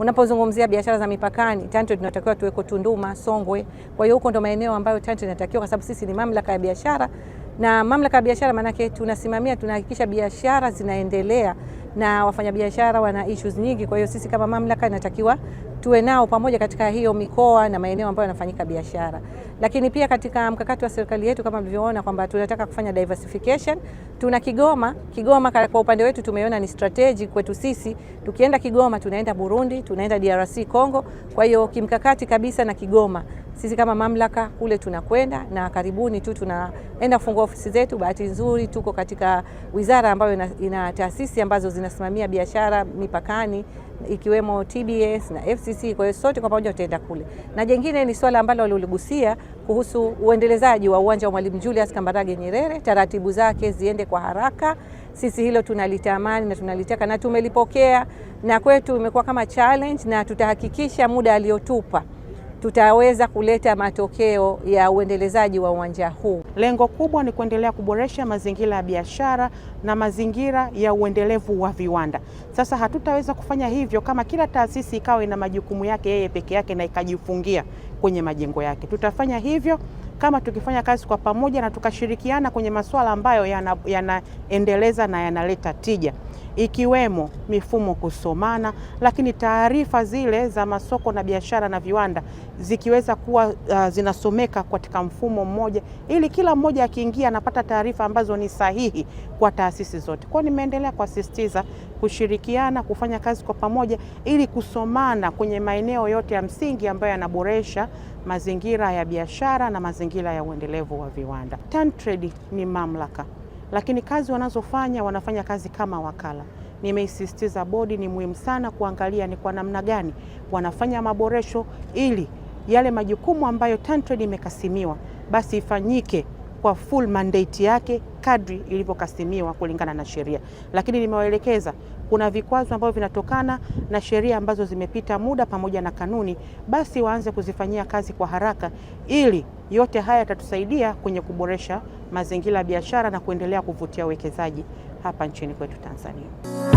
Unapozungumzia biashara za mipakani, TanTrade tunatakiwa tuweko Tunduma, Songwe. Kwa hiyo huko ndo maeneo ambayo TanTrade inatakiwa, kwa sababu sisi ni mamlaka ya biashara, na mamlaka ya biashara maanake tunasimamia, tunahakikisha biashara zinaendelea na wafanyabiashara wana issues nyingi. Kwa hiyo sisi kama mamlaka inatakiwa tuwe nao pamoja katika hiyo mikoa na maeneo ambayo yanafanyika biashara. Lakini pia katika mkakati wa serikali yetu kama mlivyoona kwamba tunataka kufanya diversification, tuna Kigoma. Kigoma kwa upande wetu tumeona ni strategy kwetu sisi, tukienda Kigoma tunaenda Burundi, tunaenda DRC Congo. Kwa hiyo kimkakati kabisa na Kigoma sisi kama mamlaka kule tunakwenda na karibuni tu tunaenda kufungua ofisi zetu. Bahati nzuri tuko katika wizara ambayo ina, ina taasisi ambazo zinasimamia biashara mipakani ikiwemo TBS na FCC sisi, Kwa hiyo sote kwa pamoja tutaenda kule, na jengine ni swala ambalo waliligusia kuhusu uendelezaji wa uwanja wa Mwalimu Julius Kambarage Nyerere, taratibu zake ziende kwa haraka. Sisi hilo tunalitamani na tunalitaka na tumelipokea, na kwetu imekuwa kama challenge, na tutahakikisha muda aliotupa tutaweza kuleta matokeo ya uendelezaji wa uwanja huu. Lengo kubwa ni kuendelea kuboresha mazingira ya biashara na mazingira ya uendelevu wa viwanda. Sasa hatutaweza kufanya hivyo kama kila taasisi ikawa ina majukumu yake yeye peke yake na ikajifungia kwenye majengo yake. Tutafanya hivyo kama tukifanya kazi kwa pamoja na tukashirikiana kwenye masuala ambayo yanaendeleza yana na yanaleta tija ikiwemo mifumo kusomana, lakini taarifa zile za masoko na biashara na viwanda zikiweza kuwa uh, zinasomeka katika mfumo mmoja, ili kila mmoja akiingia anapata taarifa ambazo ni sahihi kwa taasisi zote. Kwa hiyo nimeendelea kuasistiza kushirikiana, kufanya kazi kwa pamoja, ili kusomana kwenye maeneo yote ya msingi ambayo yanaboresha mazingira ya biashara na mazingira ya uendelevu wa viwanda. TanTrade ni mamlaka lakini kazi wanazofanya wanafanya kazi kama wakala. Nimeisisitiza bodi ni muhimu sana kuangalia ni kwa namna gani wanafanya maboresho ili yale majukumu ambayo TanTrade imekasimiwa basi ifanyike kwa full mandate yake kadri ilivyokasimiwa kulingana na sheria. Lakini nimewaelekeza kuna vikwazo ambavyo vinatokana na sheria ambazo zimepita muda pamoja na kanuni, basi waanze kuzifanyia kazi kwa haraka, ili yote haya yatatusaidia kwenye kuboresha mazingira ya biashara na kuendelea kuvutia uwekezaji hapa nchini kwetu Tanzania.